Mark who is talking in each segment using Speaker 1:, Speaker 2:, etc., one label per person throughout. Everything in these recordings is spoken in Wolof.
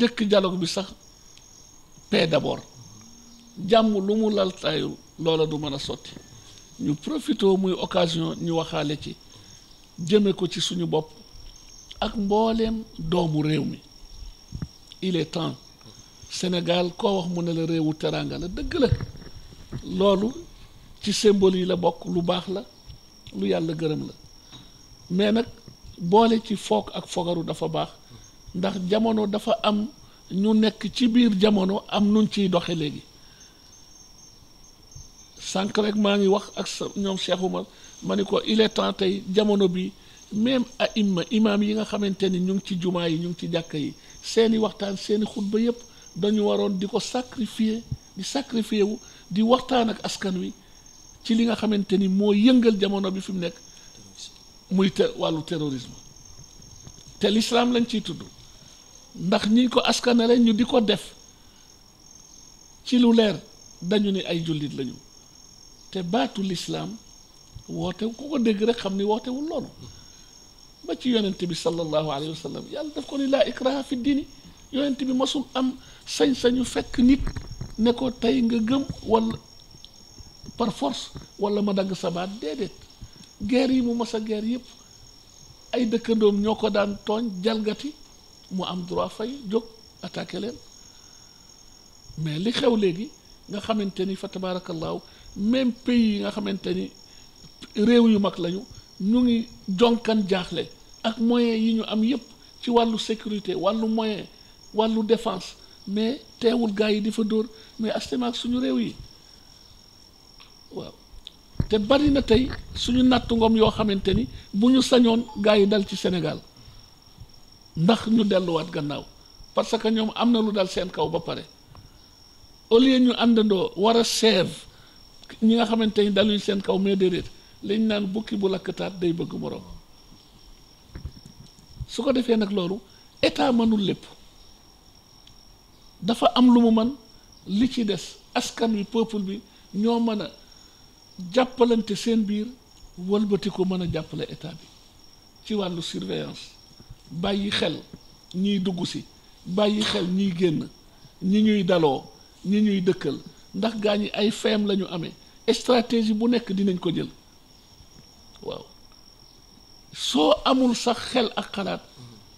Speaker 1: njëkk dialogue bi sax paix d'abord jàmm lu mu lal taayu loola du mën a sotti ñu profité muy occasion ñu waxaale ci jëme ko ci suñu bopp ak mbooleem doomu réew mi il est temps Sénégal koo wax mu ne la réewu teraanga la dëgg la loolu ci symbole yi la bokk lu baax la lu yàlla gërëm la mais nag boole ci foog ak fogaru dafa baax ndax jamono dafa am ñu nekk ci biir jamono am nuñ ciy doxe léegi sànq rek maa ngi wax ak sa ñoom Cheikh ma ni ko il est temps tey jamono bi même a imma imaam yi nga xamante ni ñu ngi ci jumaa yi ñu ngi ci jàkka yi seeni waxtaan seeni xutba yépp dañu waroon di ko sacrifier di sacrifier wu di waxtaan ak askan wi ci li nga xamante ni moo yëngal jamono bi fi mu nekk muy te wàllu terrorisme te l'islam lañ ciy tudd ndax ñi ko askanale ñu di ko def ci lu leer dañu ne ay jullit lañu te baatu lislaam woote ku ko dégg rek xam ni wootewul loolu ba ci yonent bi sallallahu alayhi wa sallam yàlla daf ko ni laa ikraha fi yonent bi masul am sañ-sañu fekk nit ne ko tey nga gëm wala par force wala ma dagg sabaat déedéet guerre yi mu mas a guerre yépp ay dëkkandoom ñoo ko daan tooñ jalgati mu am droit fay jóg attaqué leen mais li xew léegi nga xamante ni fa tabaarakallaahu même pays yi nga xamante ni réew yu mag lañu ñu ngi jonkan jaaxle ak moyen yi ñu am yépp ci wàllu sécurité wàllu moyen wàllu defence mais teewul gars yi di fa dóor mais astimaak suñu réew yi waaw te bari na tey suñu nattu ngoom yoo xamante ni bu ñu sañoon gars yi dal ci Sénégal ndax ñu delluwaat gannaaw parce que ñoom am na lu dal seen kaw ba pare au lieu ñu àndandoo war a seeve ñi nga xamante ni daluñ seen kaw mais déedéet liñ naan bukki bu lakkataat day bëgg moroom su ko defee nag loolu état mënul lépp dafa am lu mu man li ci des askan wi peuple bi ñoo mën a jàppalante seen biir wëlbati ko mën a jàppale état bi ci wàllu surveillance bàyyi xel ñiy dugg si bàyyi xel ñiy génn ñi ñuy daloo ñi ñuy dëkkal ndax gaa ñi ay feem lañu ñu amee stratégie bu nekk dinañ ko jël waaw soo amul sax xel ak xalaat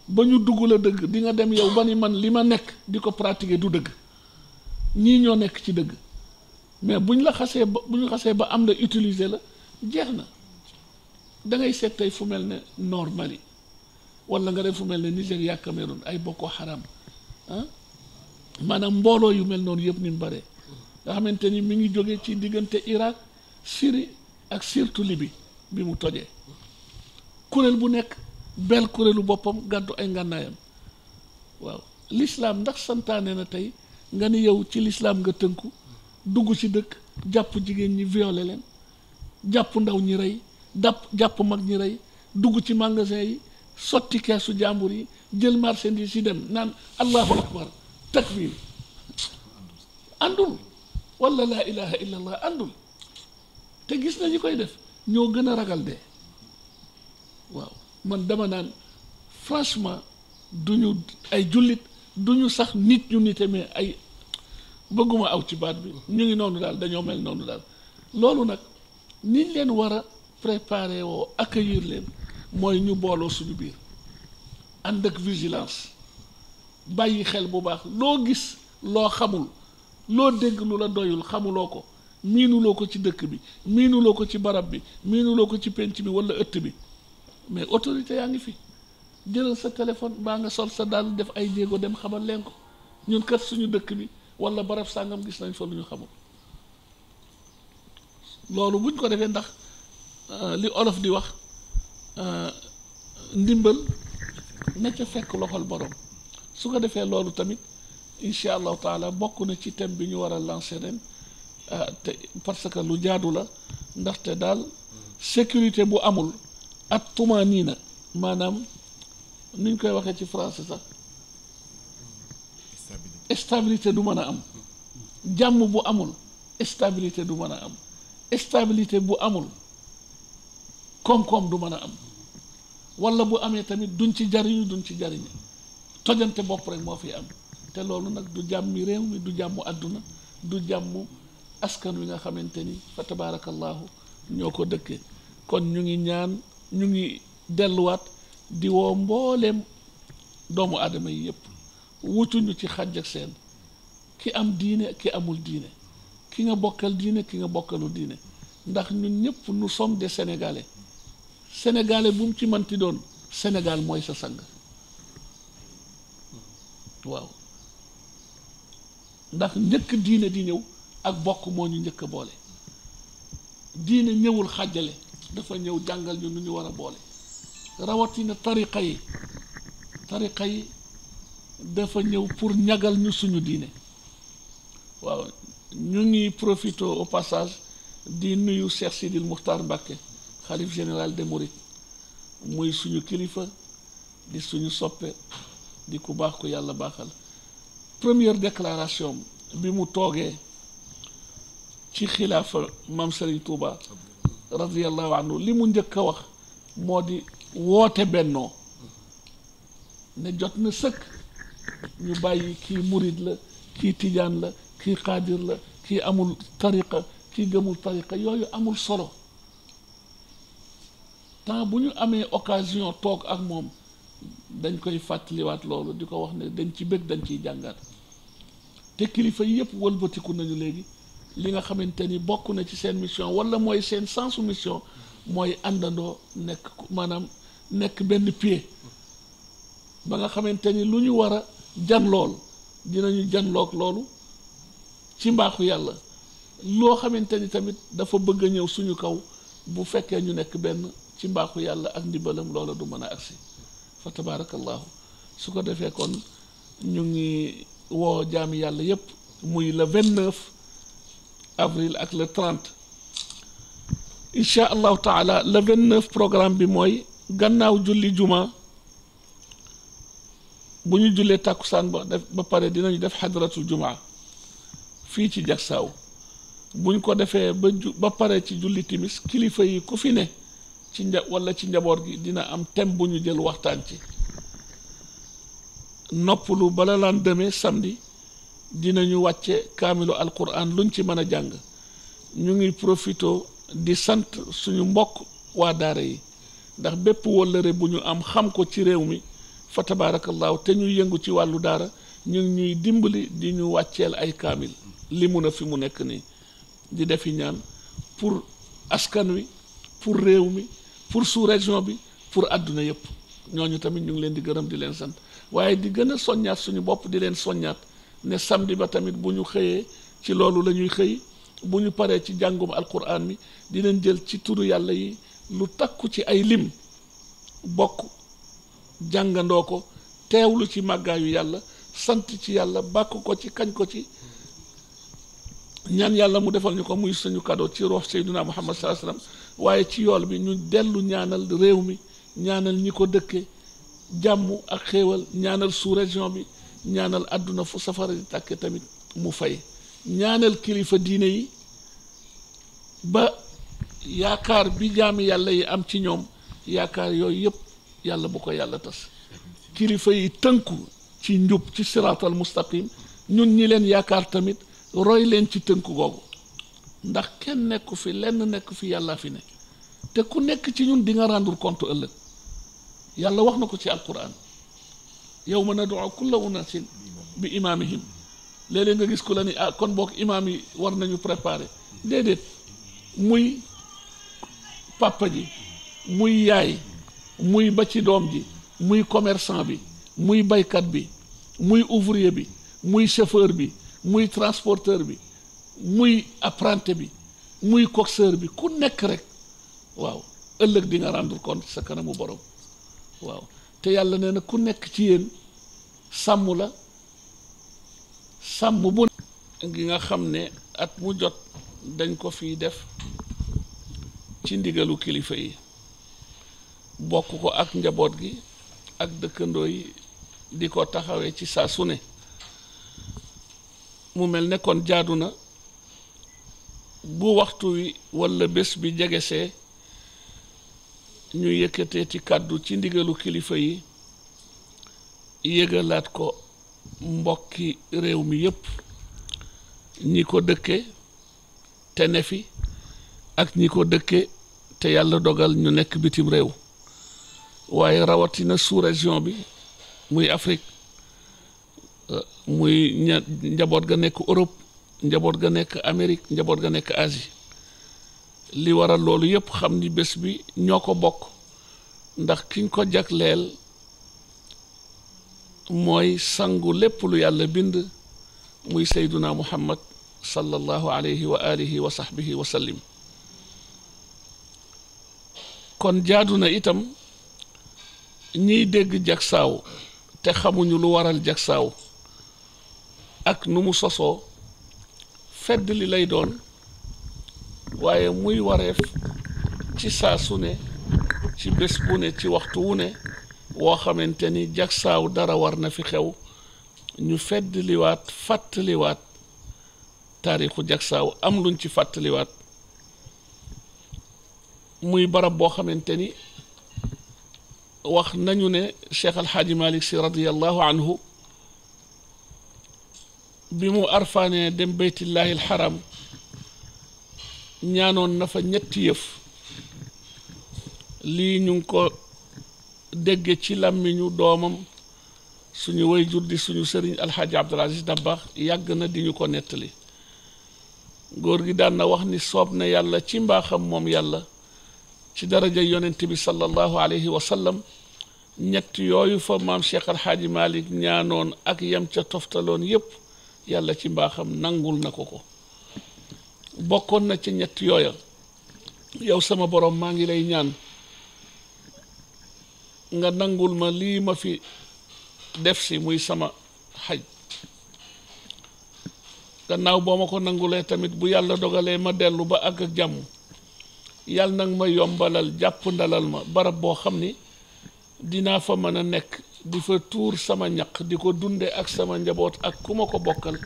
Speaker 1: ba ñu dugg la dëgg di dem yow ba ni man li ma nekk di ko pratiquer du dëgg ñi ñoo nekk ci dëgg mais buñ la xasee ba bu ñu xasee ba am na utiliser la jeex na da ngay seet fu mel ne nord wala nga dem fu mel ne Nigéria Cameroun ay Boko Haram ah mbooloo yu mel noonu yëpp ni bare nga xamante ni mi ngi jóge ci diggante Irak Syrie ak surtout Libye bi mu tojee kuréel bu nekk bel kuréelu boppam gàddu ay ngànnaayam waaw lislaam ndax santaane na tey nga ni yow ci lislaam nga tënku dugg ci dëkk jàpp jigéen ñi violé leen jàpp ndaw ñi rey dàpp jàpp mag ñi rey dugg ci magasin yi sotti keesu jàmbur yi jël marchandise si dem naan allahu akbar takbir àndul wala laa ilaha illa allah àndul te gis nañu koy def ñoo gën a ragal dee waaw man dama naan franchement du ñu ay jullit du ñu sax nit ñu nite ay bëgguma aw ci baat bi ñu ngi noonu daal dañoo mel noonu daal loolu nag niñ leen war a préparer woo leen mooy ñu booloo suñu biir ànd ak vigilance bàyyi xel bu baax loo gis loo xamul loo dégg lu la doyul xamuloo ko miinuloo ko ci dëkk bi miinuloo ko ci barab bi miinuloo ko ci penc bi walla ëtt bi mais autorité yaa ngi fi jëlal sa téléphone baa nga sol sa daal def ay jéego dem xamal leen ko ñun kat suñu dëkk bi walla barab sàngam gis nañ fa lu ñu xamul loolu buñ ko defee ndax euh, li olof di wax Euh, ndimbal na ca fekk loxol borom su ko defee loolu tamit incha allahu taala bokk na ci thème bi ñu war a lancer ren euh, te parce que lu jaadu la ndaxte daal sécurité bu amul at na maanaam nuñ koy waxee ci français sax stabilité du mën a am jàmm bu amul stabilité du mën a am stabilité bu amul koom-koom du mën a am wala bu amee tamit duñ ci jariñu duñ ci jariñu tojante bopp rek moo fi am te loolu nag du jàmmi réew mi du jàmmu àdduna du jàmmu askan wi nga xamante ni fa tabaarakallaahu ñoo ko dëkkee kon ñu ngi ñaan ñu ngi delluwaat di woo mbooleem doomu aadama yi yëpp wutuñu ci xàjj ak seen ki am diine ki amul diine ki nga bokkal diine ki nga bokkalul diine ndax ñu ñëpp nous sommes des sénégalais sénégalais bu mu ci ti doon Sénégal mooy sa sang waaw ndax njëkk diine di ñëw ak bokk moo ñu njëkk a boole diine ñëwul xàjjale dafa ñëw jàngal ñu nu ñu war a boole rawatina tariqa yi tariqa yi dafa ñëw pour ñagal ñu suñu diine waaw ñu ngi profité au passage di nuyu Cheikh Sidil Muxtaar Mbàkke xalif général des mourides muy suñu kilifa di suñu soppe di ku baax ko yàlla baaxal première declaration bi mu toogee ci xilaafa maam Serigne Touba radiallahu anhu li mu njëkk a wax moo di woote bennoo ne jot na sëkk ñu bàyyi kii murid la kii tijaan la kii xaadir la kii amul tariqa kii gëmul tariqa yooyu amul solo temps bu ñu amee occasion toog ak moom dañ koy fàttaliwaat loolu di ko wax ne dañ ci bëgg dañ ciy jàngaat te kilifa yëpp wëlbatiku nañu léegi li nga xamante ni bokk na ci seen mission wala mooy seen sensu mission mooy àndandoo nekk maanaam nekk benn pie ba nga xamante ni lu ñu war a jan lool dinañu janloog loolu ci mbaaxu yàlla loo xamante ni tamit dafa bëgg a ñëw suñu kaw bu fekkee ñu nekk benn ci mbaaxu yàlla ak ndimbalam loola du mën a agsi fa tabaarakallaahu su ko defee kon ñu ngi woo jaami yàlla yépp muy le 29 avril ak le 30 incha allahu taala le 29 programme bi mooy gannaaw julli juma bu ñu jullee tàkkusaan ba def ba pare dinañu def xadratul jumaa fii ci jagsaaw buñ ko defee ba ju ba pare ci julli timis kilifa yi ku fi ne ci walla ci njaboot gi dina am thème bu ñu jël waxtaan ci noppalu bala laan demee samedi dinañu wàcce kaamilu alquran luñ ci mën a jàng ñu ngi profito di sant suñu mbokk waa daara yi ndax bépp wëllëre bu ñu am xam ko ci réew mi fa tabaarakallaahu te ñu yëngu ci wàllu daara ñu ngi ñuy dimbali di ñu wàcceel ay kaamil li mun fi mu nekk nii di defi ñaan pour askan wi pour réew mi pour sous région bi pour àdduna yëpp ñooñu tamit ñu ngi leen di gërëm di leen sant waaye di gën a soññaat suñu bopp di leen soññaat ne samedi ba tamit bu ñu xëyee ci loolu la ñuy xëy bu ñu paree ci jàngum alquran mi leen jël ci turu yàlla yi lu takku ci ay lim bokk jàngandoo ko teewlu ci màggaayu yàlla sant ci yàlla bàkk ko ci kañ ko ci ñaan yàlla mu defal ñu ko muy suñu cadeau ci roox Seydina Muhammad sallallahu alayhi wasallam waaye ci yool bi ñu dellu ñaanal réew mi ñaanal ñi ko dëkkee jàmm ak xéewal ñaanal sous région bi ñaanal àdduna fu safara di tàkkee tamit mu fay ñaanal kilifa diine yi ba yaakaar bi jaami yàlla yi am ci ñoom yaakaar yooyu yëpp yàlla bu ko yàlla tas kilifa yi tënku ci njub ci siraatal mustaqim ñun ñi leen yaakaar tamit roy leen ci tënku googu ndax kenn nekku fi lenn nekku fi yàlla fi ne te ku nekk ci ñun di nga rendre compte ëllëg yàlla wax na ko ci alquran yow ma nad'u kulla unasin bi imaamihim léeg-léeg nga gis ku la ni ah kon boog imaam yi war nañu préparer déedéet muy papa ji muy yaay muy ba ci doom ji muy commerçant bi muy baykat bi muy ouvrier bi muy chauffeur bi muy transporteur bi muy apprenti bi muy coxeur bi ku nekk rek waaw ëllëg di nga rendre sa kanamu borom waaw te yàlla nee na ku nekk ci yéen sàmm la sàmm bu gi nga xam ne at mu jot dañ ko fiy def ci ndigalu kilifa yi bokk ko ak njaboot gi ak dëkkandoo yi di ko taxawee ci saa su ne mu mel ne kon jaadu na bu waxtu wi walla bés bi jegesee ñu yëkkatee ci kàddu ci ndigalu kilifa yi yëgalaat ko mbokki réew mi yépp ñi ko dëkke te ne fi ak ñi ko dëkke te yàlla dogal ñu nekk bitim réew waaye rawatina su région bi muy Afrique euh, muy njaboot ga nekk Europe njaboot ga nekk Amérique njaboot ga nekk Asie li waral loolu yëpp xam ni bés bi ñoo ko bokk ndax kiñ ko jagleel mooy sangu lépp lu yàlla bind muy sayduna muhammad sallallahu alayhi wa alihi wa sahbihi wa sallim kon jaadu na itam ñiy dégg jagsaaw te xamuñu lu waral jagsaaw ak nu mu sosoo fedd li lay doon waaye muy wareef ci saa su ne ci bés bu ne ci waxtu wu ne woo xamante ni jagsaaw dara war na fi xew ñu fedd liwaat fàttaliwaat taarixu jagsaaw am luñ ci fàttaliwaat muy barab boo xamante ni wax nañu ne Cheikh Al Hadj Malick si radiyallahu anhu bi mu arfaanee dem beytillaahi alxaram ñaanoon na fa ñetti yëf lii ñu ko dégge ci làmmiñu doomam suñu way jur di suñu sëriñ alxaaji abdul aziz yàgg na di ko nettali góor gi daan na wax ni soob na yàlla ci mbaaxam moom yàlla ci daraja yonent bi sallallahu alayhi wa sallam ñett yooyu fa maam cheikh alxaaji malik ñaanoon ak yam ca toftaloon yépp yàlla ci mbaaxam nangul na ko ko bokkoon na ci ñett yooya yow sama borom maa ngi lay ñaan nga nangul ma lii ma fi def si muy sama xaj gannaaw boo ma ko nangulee tamit bu yàlla dogalee ma dellu ba àgg ak jàmm yàlla nag ma yombalal jàpp ndalal ma barab boo xam ni dinaa fa mën a nekk di fa tuur sama ñaq di ko dunde ak sama njaboot ak ku ma ko bokkal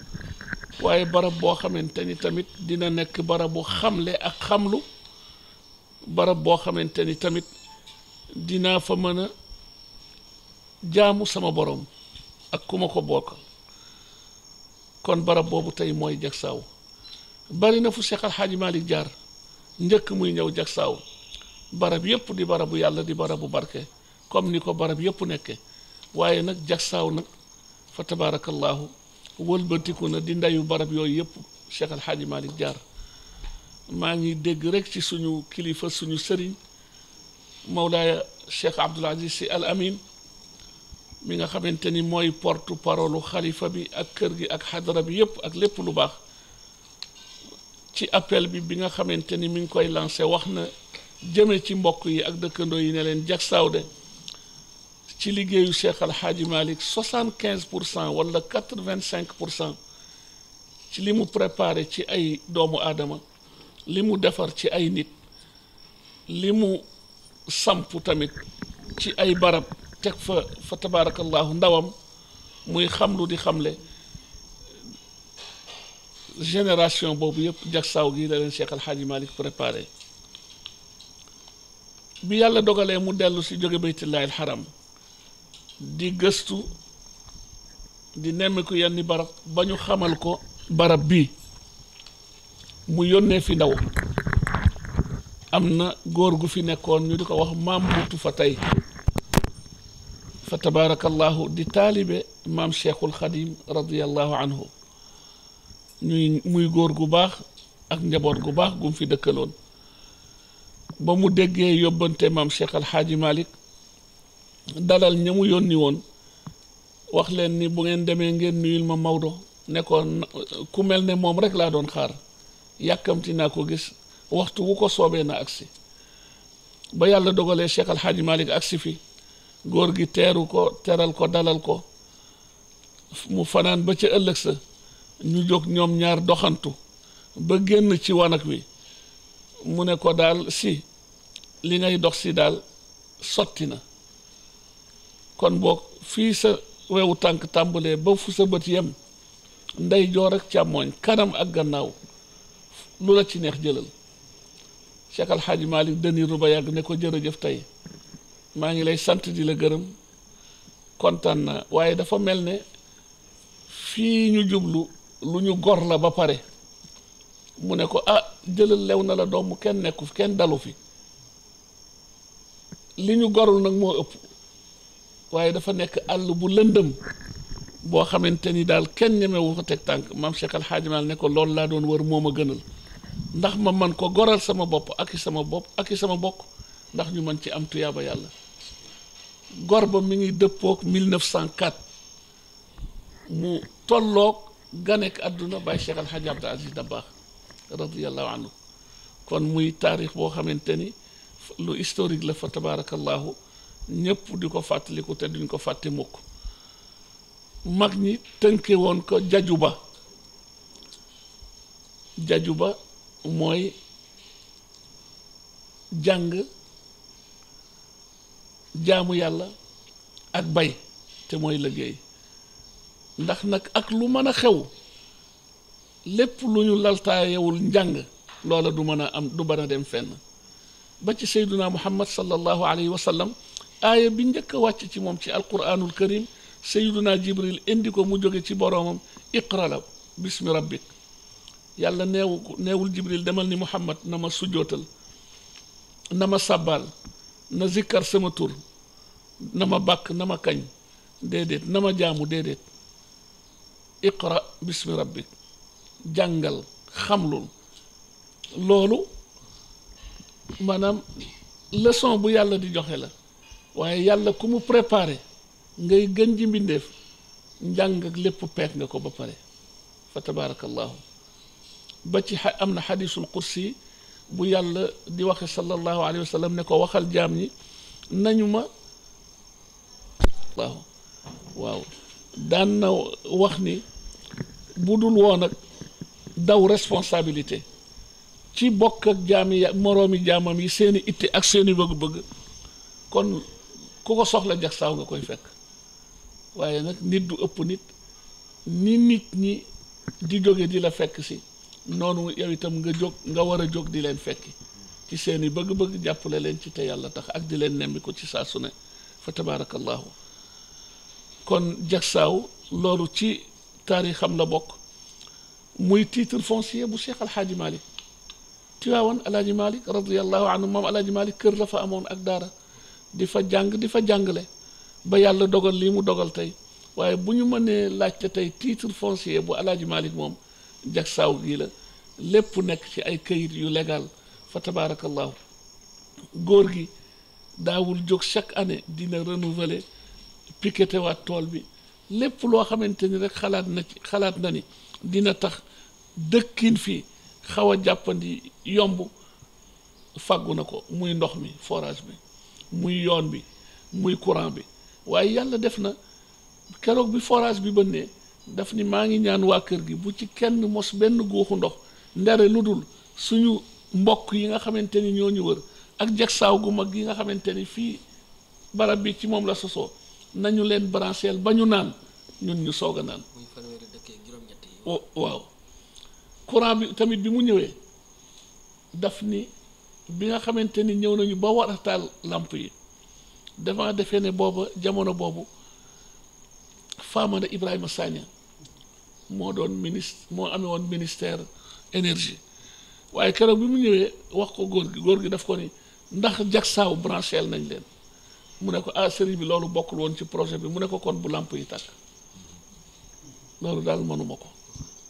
Speaker 1: waaye barab boo xamante ni tamit dina nekk barabu xamle ak xamlu barab boo xamante ni tamit dinaa fa mën a jaamu sama boroom ak ku ma ko bokkal kon barab boobu tey mooy Jaksaaw bari na fu Seex Al Xaaji jaar njëkk muy ñëw Jaksaaw barab yépp di barabu yàlla di barabu barke comme ni ko barab yëpp nekkee waaye nag jagsaaw nag fa tabaarakallaahu wëlbatiku na di ndayu barab yooyu yëpp Cheikh Al Hadj jaar maa ngi dégg rek ci suñu kilifa suñu sëriñ Mawlaaya Cheikh Abdoul Aziz Sy Al mi nga xamante ni mooy porte parole xalifa bi ak kër gi ak xadara bi yëpp ak lépp lu baax ci appel bi bi nga xamante ni mi ngi koy lancé wax na jëme ci mbokk yi ak dëkkandoo yi ne leen jagsaaw de ci liggéeyu Cheikh Al Hadj Malick soixante quinze pour cent wala quatre vingt cinq pour cent ci li mu préparé ci ay doomu aadama li mu defar ci ay nit li mu samp tamit ci ay barab teg fa fa tabarakallahu ndawam muy xam lu di xamle génération boobu yëpp jagsaaw gi la leen Cheikh Al Hadj Malick bi yàlla dogalee mu dellu si jóge baytullahi al xaram di gëstu di nemmiku yenn barab ba ñu xamal ko barab bi mu yónnee fi ndaw am na góor gu fi nekkoon ñu di ko wax maam Mbuutu fa tey fa tabaarakallahu di taalibe maam Cheikhul Xadim radiyallahu anhu ñuy muy góor gu baax ak njaboot gu baax gum fi dëkkaloon ba mu déggee yóbbante maam Cheikh Alxaaji Malik dalal ña yónni woon wax leen ni bu ngeen demee ngeen nuyul ma Maodo ne ko ku mel ne moom rek laa doon xaar yàkkamti naa ko gis waxtu wu ko soobee na agsi ba yàlla dogalee Cheikh Al agsi fi góor gi teeru ko teral ko dalal ko mu fanaan ba ca ëllëg sa ñu jóg ñoom ñaar doxantu ba génn ci wanag wi mu ne ko daal si li ngay dox si daal sotti na kon boog fii sa wewu tànk tàmbalee ba fu sa bët yem ndey joor ak càmmooñ kanam ak gannaaw lu la ci neex jëlal Cheikh Al Hadj Malick ba yàgg ne ko jëf tey maa ngi lay sant di la gërëm kontaan na waaye dafa mel ne fii ñu jublu lu ñu gor la ba pare mu ne ko ah jëlal lew na la doomu kenn nekku fi kenn dalu fi li ñu gorul nag moo ëpp waaye dafa nekk àll bu lëndëm boo xamante ni daal kenn ñemewu ko teg tànk maam Cheikh Al Hadj ne ko loolu laa doon wër moom a gënal ndax ma man ko goral sama bopp ak i sama bopp ak i sama bokk ndax ñu mën ci am tuyaaba yàlla gor ba mi ngi dëppook 1904 mu tolloog ganek àdduna Baye Cheikh Al Hadj Abdou Aziz Dabakh radiyallahu anhu kon muy taarix boo xamante ni lu historique la fa tabarakallahu ñëpp di ko fàttaliku te duñ ko fàtte mukk mag ñi tënke woon ko jaju ba jaju ba mooy jàng jaamu yàlla ak bay te mooy liggéey ndax nag ak lu mën a xew lépp lu ñu laltaayewul njàng loola du mën a am du mën dem fenn ba ci sayduna muhammad sallallahu alayhi wa sallam aaya bi njëkk wàcc ci moom ci alquranul karim sayiduna jibril indi ko mu jóge ci boroomam iqra la bismi rabbik yàlla neewu neewul jibril demal ni muhammad na ma sujjootal na ma sàbbaal na zikkar sama tur na ma bàkk na ma kañ déedéet na ma jaamu déedéet iqra bismi rabbik jàngal xamlul loolu maanaam leçon bu yàlla di joxe la waaye yàlla ku mu préparer ngay gën ji mbindeef njàng ak lépp peek nga ko ba pare fa tabarakallahu ba ci am na xadisul kursi bu yàlla di waxe sallallahu alayhi wa ne ko waxal jaam ñi nañu ma waaw daan na wax ni bu dul woon ak daw responsabilité ci bokk ak jaam yi moroomi jaamam yi seeni itte ak seeni bëgg-bëgg kon ku ko soxla jagsaaw nga koy fekk waaye nag nit du ëpp nit ni nit ñi di jóge di la fekk si noonu yow itam nga jóg nga war a jóg di leen fekki ci seeni bëgg-bëgg jàppale leen ci te yàlla tax ak di leen nemmi ko ci saa su ne fa tabaarakallaahu kon jagsaaw loolu ci taarixam la bokk muy titre foncier bu Cheikh xaaji Malick Tiwaawan Alhaaji Malick radiyallahu anhu moom Alhaaji Malick kër la fa amoon ak daara di fa jàng di fa jàngale ba yàlla dogal lii mu dogal tey waaye bu ñu mënee laajte tey titre foncier bu Alaaji Malick moom jag saaw gi la lépp nekk ci ay këyit yu legal fa tabaarakallahu góor gi daawul jóg chaque année dina renouveler piqueté waat tool bi lépp loo xamante ni rek xalaat na ci xalaat na ni dina tax dëkkin fii xaw a jàppandi yomb fàggu na ko muy ndox mi forage bi muy yoon bi muy courant bi waaye yàlla def na keroog bi forage bi bënnee daf ni maa ngi ñaan waa kër gi bu ci kenn mos benn góoxu ndox ndere lu dul suñu mbokk yi nga xamante ni ñoo ñu wër ak jagsaaw gu mag yi nga xamante ni fii barab bi ci moom la sosoo nañu leen brancheel ba ñu naan ñun ñu soog a naan waaw courant bi tamit bi mu ñëwee daf ni bi nga xamante ni ñëw nañu ba war làmp yi dafa defe ne booba jamono boobu Famara Ibrahima Sagna moo doon ministre moo amee woon ministère énergie waaye keroog bi mu ñëwee wax ko góor gi góor gi daf ko ni ndax jagsaaw brancheel nañ leen mu ne ko ah sëriñ bi loolu bokkul woon ci projet bi mu ne ko kon bu làmp yi tàkk loolu daal mënuma ko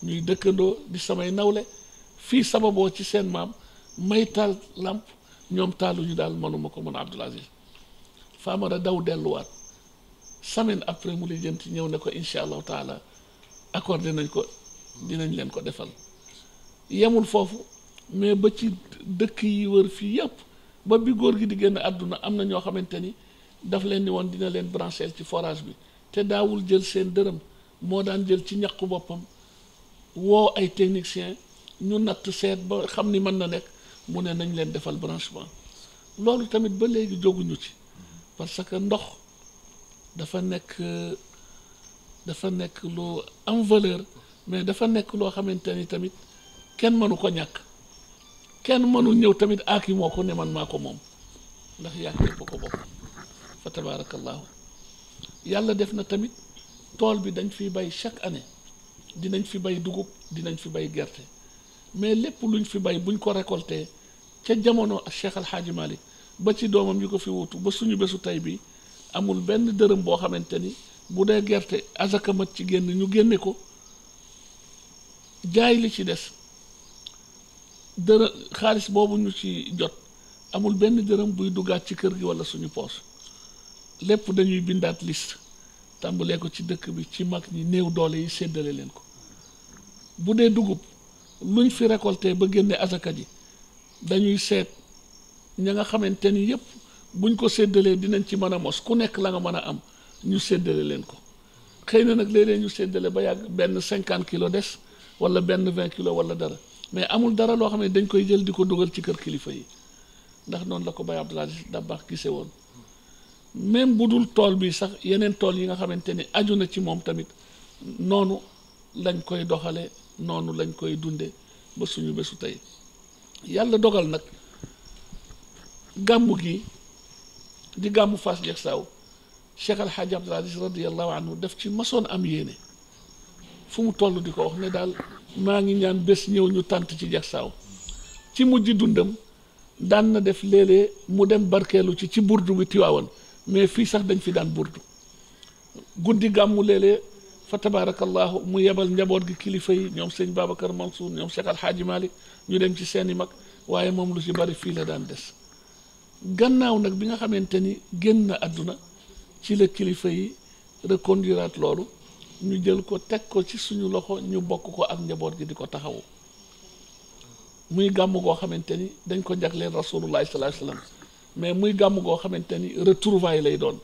Speaker 1: ñuy dëkkandoo di samay nawle fii sababoo ci seen maam may taal làmp ñoom taaluñu daal manuma ko mën Abdoul Aziz Famara daw delluwaat semaine après mu ci ñëw ne ko incha allahu taala accordé nañ ko dinañ leen ko defal yemul foofu mais ba ci dëkk yi wër fii yëpp ba bi góor gi di génn àdduna am na ñoo xamante ni daf leen ni woon dina leen brancher ci forage bi te daawul jël seen dërëm moo daan jël ci ñaqu boppam woo ay techniciens ñu natt seet ba xam ni mën na nekk mu ne nañ leen defal branchement loolu tamit ba léegi jóguñu ci parce que ndox dafa nekk dafa nekk lu am valeur mais dafa nekk loo xamante ni tamit kenn mënu ko ñàkk kenn mënu ñëw tamit aaki ah, moo ko ne man maa ko moom ndax yàq yëpp ko bokk fa tabaarakallaahu yàlla def na tamit tool bi dañ fi bay chaque année dinañ fi bay dugub dinañ fi bay gerte mais lépp luñ fi bay buñ ko récolté ca jamono Cheikh Al ba ci doomam yi ko fi wutu ba suñu bésu tey bi amul benn dërëm boo xamante ni bu dee gerte azaka mat ci génn ñu génne ko jaay li ci des dërë xaalis boobu ñu ci jot amul benn dërëm buy duggaat ci kër gi walla suñu poos lépp dañuy bindaat liste tàmbalee ko ci dëkk bi ci mag ñi néew doole yi séddale leen ko bu dee dugub luñ fi récolté ba génne asaka ji dañuy seet ña nga xamante ni yëpp buñ ko séddalee dinañ ci mën a mos ku nekk la nga mën a am ñu séddale leen ko xëy na nag léeg ñu séddale ba yàgg benn cinquante kilo des wala benn vingt kilo wala dara mais amul dara loo xam ne dañ koy jël di ko dugal ci kër kilifa yi ndax noonu la ko Baye Abdoul Aziz Dabakh gisee woon même bu dul tool bi sax yeneen tool yi nga xamante ni aju na ci moom tamit noonu lañ koy doxale noonu lañ koy dunde ba suñu bésu tey yàlla dogal nag gàmmu gi di gàmmu fas Diacksao Cheikh Al Hadj Abdoul Aziz radiyallahu anhu daf ci masoon am yéene fu mu toll di ko wax ne daal maa ngi ñaan bés ñëw ñu tànt ci Diacksao ci mujj dundam daan na def léeg mu dem barkeelu ci ci burdu bi Tiwaawan mais fii sax dañ fi daan burdu guddi gàmmu léeg fa tabarakallahu mu yebal njaboot gi kilifa yi ñoom sëñ Babacar Mansour ñoom Cheikh Al Hadji Malick ñu dem ci seeni mag waaye moom lu ci bari fii la daan des gannaaw nag bi nga xamante ni génn na àdduna ci la kilifa yi reconduiraat loolu ñu jël ko teg ko ci suñu loxo ñu bokk ko ak njaboot gi di ko taxawu muy gàmm goo xamante ni dañ ko jagleel rasulullah sallallahu alayhi wasallam mais muy gàmm goo xamante ni retrouvaille lay doon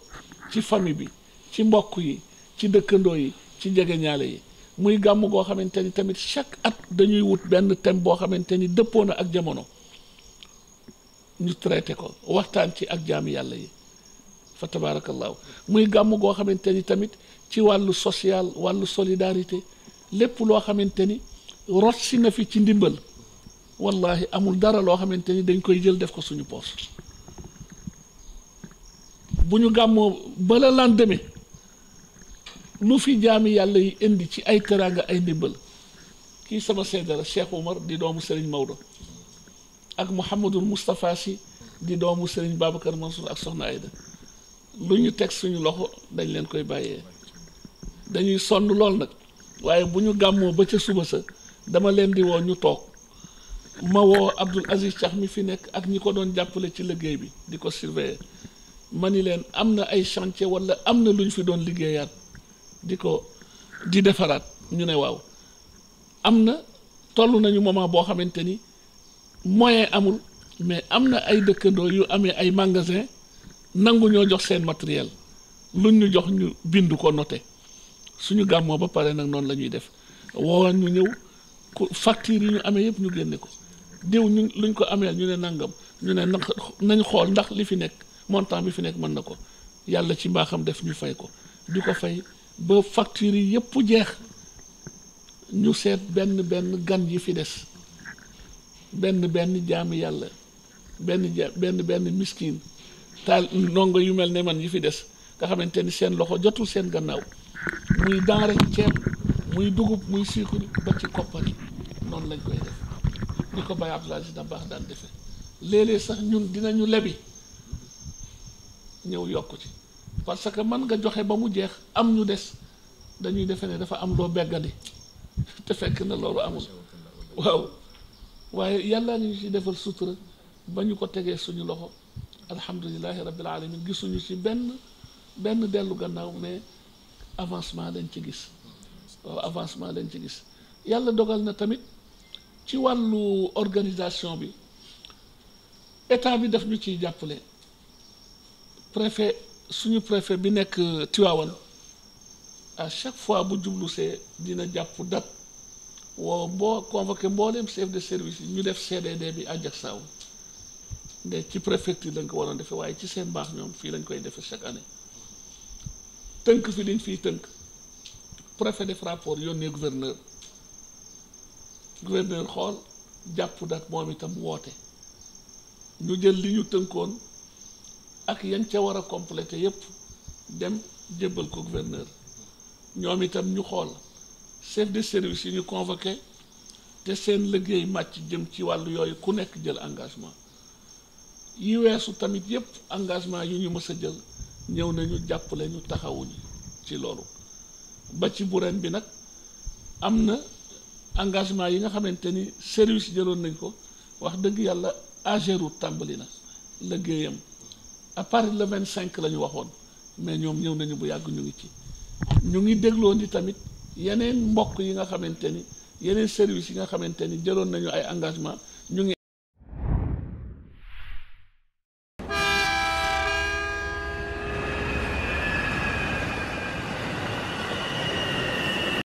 Speaker 1: ci famille bi ci mbokk yi ci dëkkandoo yi ci njege ñaale yi muy gàmm goo xamante ni tamit chaque at dañuy wut benn thème boo xamante ni dëppoon na ak jamono ñu traité ko waxtaan ci ak jaami yàlla yi fa tabaarakallaahu muy gàmm goo xamante ni tamit ci wàllu social wàllu solidarité lépp loo xamante ni rot si na fi ci ndimbal wallahi amul dara loo xamante ni dañ koy jël def ko suñu poos bu ñu gàmmoo bala lan demee lu fi jaami yàlla yi indi ci ay teraanga ay ndimbal kii sama seede la Cheikh di doomu Serigne Maodo ak Mouhamadul mustafaa si di doomu Serigne Babacar Mansour ak Soxna Aida lu ñu teg suñu loxo dañ leen koy bàyyee dañuy sonn lool nag waaye bu ñu gàmmoo ba ca suba sa dama leen di woo ñu toog ma woo Abdoul Aziz Thiax mi fi nekk ak ñi ko doon jàppale ci liggéey bi di ko surveiller ma ni leen am na ay chantier wala am na lu ñu fi doon liggéeyaat. di ko di defaraat ñu ne waaw am na toll nañu moment boo xamante ni moyen amul mais am na ay dëkkandoo yu amee ay magasin nangu ñoo jox seen matériel luñ ñu jox ñu bind ko noté suñu gàmmoo ba pare nag noonu la ñuy def woowoon ñu ñëw ku facture yi ñu amee yëpp ñu génne ko diw ñu luñ ko amee ñu ne nangam ñu ne nañ xool ndax li fi nekk montant bi fi nekk mën na ko yàlla ci mbaaxam def ñu fay ko di ko fay ba factures yi yëpp jeex ñu seet benn benn gan yi fi des benn benn jaami yàlla benn ja benn benn miskin taal ndongo yu mel ne man yi fi des nga xamante ni seen loxo jotul seen gannaaw muy denrée ceeb muy dugub muy sucre ba ci koppar yi noonu lañ koy def ni ko Baye Abdoul Aziz Dabakh daan defee léeg-léeg sax ñun dinañu lebi ñëw yokk ci. parce que man nga joxe ba mu jeex am ñu des dañuy defe ne dafa am loo beggadi te fekk na loolu amul waaw waaye yàlla ñu ci defal sutura ba ñu ko tegee suñu loxo alhamdulilahi rabbil alamin gisuñu si benn benn dellu gannaaw mais avancement lañ ci gis waaw avancement lañ ci gis yàlla dogal na tamit ci wàllu organisation bi état bi daf ñu ciy jàppale préfet suñu préfet bi nekk Tivaouane a chaque fois bu jublu see dina jàpp date woo boo convoqué mbooleem chef de service yi ñu def CDD bi à saw nde ci préfecture lañ ko waroon defee waaye ci seen baax ñoom fii lañ koy defee chaque année tënk fi liñ fii tënk préfet def rapport yoon yónnee gouverneur gouverneur xool jàpp dat moom itam woote ñu jël li ñu tënkoon. ak yan ca war a complété yépp dem jébbal ko gouverneur ñoom itam ñu xool chef de service yi ñu convoqué te seen liggéey màcc jëm ci wàllu yooyu ku nekk jël engagement yi weesu tamit yépp engagement yi ñu mës a jël ñëw nañu jàppale ñu taxawuñu ci loolu ba ci bu ren bi nag am na engagement yi nga xamante ni service jëloon nañ ko wax dëgg yàlla AGEROUTE tàmbali na liggéeyam à Paris le cinq la ñu waxoon mais ñoom ñëw nañu bu yàgg ñu ngi ci ñu ngi dégloo ni tamit yeneen mbokk yi nga xamante ni yeneen service yi nga xamante ni jëloon nañu ay engagement ñu ngi